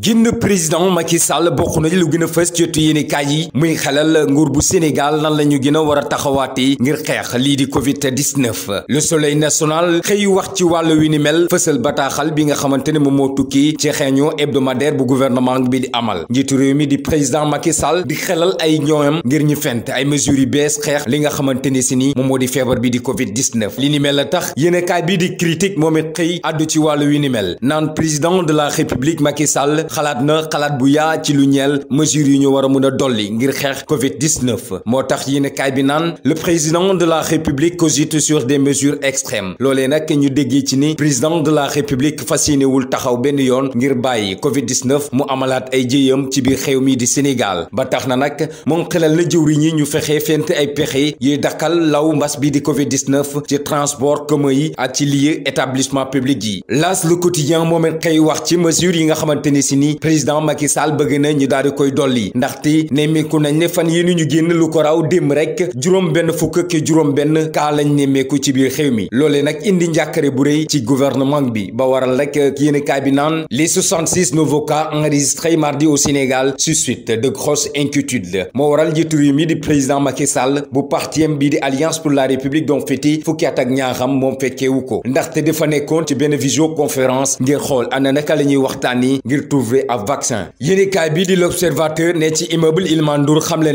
génn président Macky Sall bokk na lu gën a ci yéenekaay yi muy xalal nguur bu Sénégal nan la gëna wara taxawati ngir xex li di Covid 19. le soleil national xëy wax ci walu wi ni mel fësal bataaxal bi nga xamante mo mo tukki ci réunion hebdomadaire bu gouvernement bi di amal njiitu réew mi di président Macky Sall di xelal ay ñooyam ngir ñu fent ay mesures yu bees xex li nga xamante ne ni moom di bi di Covid 19. li ni mel la tax yéenekaay bi di critique moom xey addu ci walu wi ni mel nan président de la république Macky Sall xalaat na xalaat bu yaa ci lu ñeel mesures yi ñu war a mun a dolli ngir xeex Covid 19 moo tax yéen kaay bi naan le président de la république cogite sur des mesures extrêmes loolee nag ñu déggee ci ni président de la république fas wul taxaw benn yoon ngir bàyyi Covid 19 mu amalaat ay jéyam ci biir xew mi di Sénégal ba tax na nag moom xelal na jëwriñ yi ñu fexe fent ay pexe yi dakkal law mbas bi di Covid 19 ci transport commun yi ak ci lieu établissement public yi. L'As le quotidien moom it xëy wax ci mesures yi nga xamante ni si ni président Macky Sall bëgg na ñu daal di koy dolli ndaxte nemmeeku nañ ne fan yéen ñu génn lu ko raw démb rek juroom benn fukk ke juroom benn ka lañ nemmeeku ci biir xew mi loolee nag indi njàkkare bu rëy ci gouvernement bi ba waral rek yene kay bi naan les 66 nouveaux cas enregistrés mardi au Sénégal suite de grosses inquiétudes mo waral jittu yi mi di président Macky Sall bu partiem bi di alliance pour la république doon feti fukki at ak ñaaxam moom fekkeewu ko ndaxte defa nekkoon ci benn visioconférence ngir xol ana naka la ñuy waxtaani ngir trouver ab vaccin yéenekaay bii di l'observateur Neti ci immeuble Iliman Ndour xamle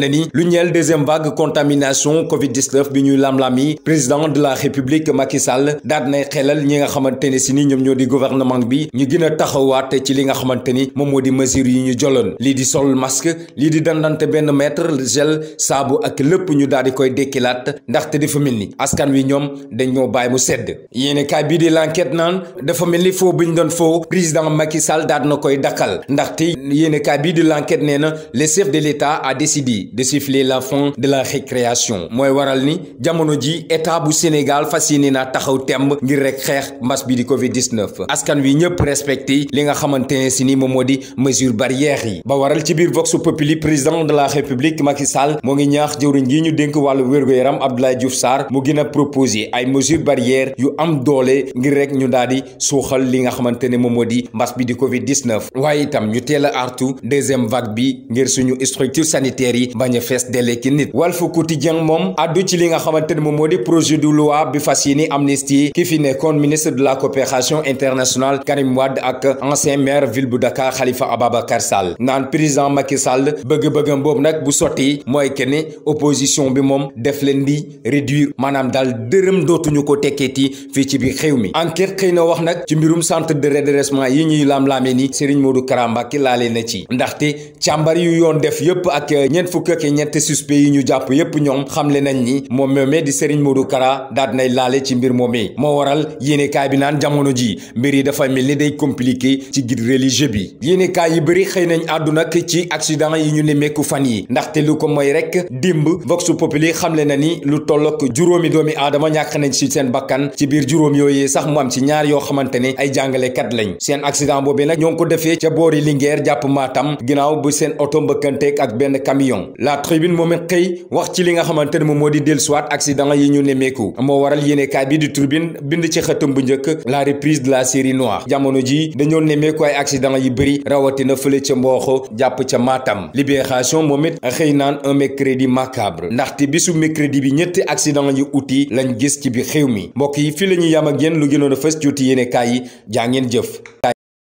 deuxième vague contamination covid 19 bi ñuy lam président de la république Macky Sall daat nay xelal di gouvernement bi ñu gën et taxawaat ci li nga ni di mesure yi sol masque Lidi di dandante Ben Maître, gel Sabu ak lepp ñu daal di koy dekkilaat ndaxte dafa mel ni askan wi ñoom ñoo bàyyi mu sedd bii di l'enquête naan dafa mel ni foo bi président Macky Sall daat na koy dakkal ndaxte yéenekaay bi di l'enquête nena le chef de l'État a décidé de siffler la fin de la récréation moy waral ni jamono ji état bu Sénégal fas yéene taxaw temb ngir rek xeex mbas bi di Covid 19 askan wi ñepp respecté li nga xamante ne ni di mesure barrière yi ba waral ci biir Vox Populi président de la République Macky Sall mo ngi ñaax jëwriñ gi ñu dénk walu wërgo yaram Abdoulaye Diouf sar mu gën proposer proposé ay mesures barrières yu am doole ngir rek ñu daal suxal li nga xamante momodi moom di bi di Covid 19 waye tam ñu artu deuxième vague bi ngir suñu structure sanitaire yi bañ a fees delle ki nit Walf Quotidien mom addu ci li nga modi projet de loi bi fasiyini amnistie ki fi ministre de la coopération internationale Karim Wade ak ancien maire ville bu Dakar Khalifa Ababakar Sall Nan président Macky Sall bëgg-bëggam bob nak bu soti moy opposition bi mom def leen di réduire manam Dal deureum dootuñu ñuko tekkeeti fi ci bi xewmi enquête xeyna wax nak ci mbirum centre de redressement yi ñuy lam laamee ni Serigne Modou Kara Mbacké laale na ci ndaxte càmbar yu yoon def yëpp ak ñeent fukk ak ñetti suspect yi ñu jàpp yëpp ñoom xamle nañ ni moom moomee di Serigne Modou Kara daat nay laale ci mbir moomee moo waral yéenekaay bi naan jamono ji mbir yi dafa mel ni day compliqué ci guide religieux bi yéenekaay yi bëri xëy nañ àdduna ci accident yi ñu ne mekku fan yi ndaxte lu ko moy rek démb Vox Populi xamle na ni lu tollook juróomi doomi aadama ñàkk nañ ci seen bakkan ci biir juróom yooyee sax mu ci ñaar yoo xamante ne ay jàngalekat lañ ca boori Linguère japp Matam ginaaw bu seen auto mbeukante ak ben camion la tribune momen xey wax ci li nga xamantene mo modi del di accident yi ñu nemeku mo waral yéenekaay bi di tribune bind ci xëtam bu la reprise de la série noire jamono ji dañu nemeku ay accident yi rawati rawatina fele ci mboxo japp ci Matam libération momit xey naan un mercredi macabre ti bisu mercredi bi ñetti accident yu uti lañu gis ci bi xew mi mbokk yi fi lañu yam ak yéen lu gënoon yene yi jëf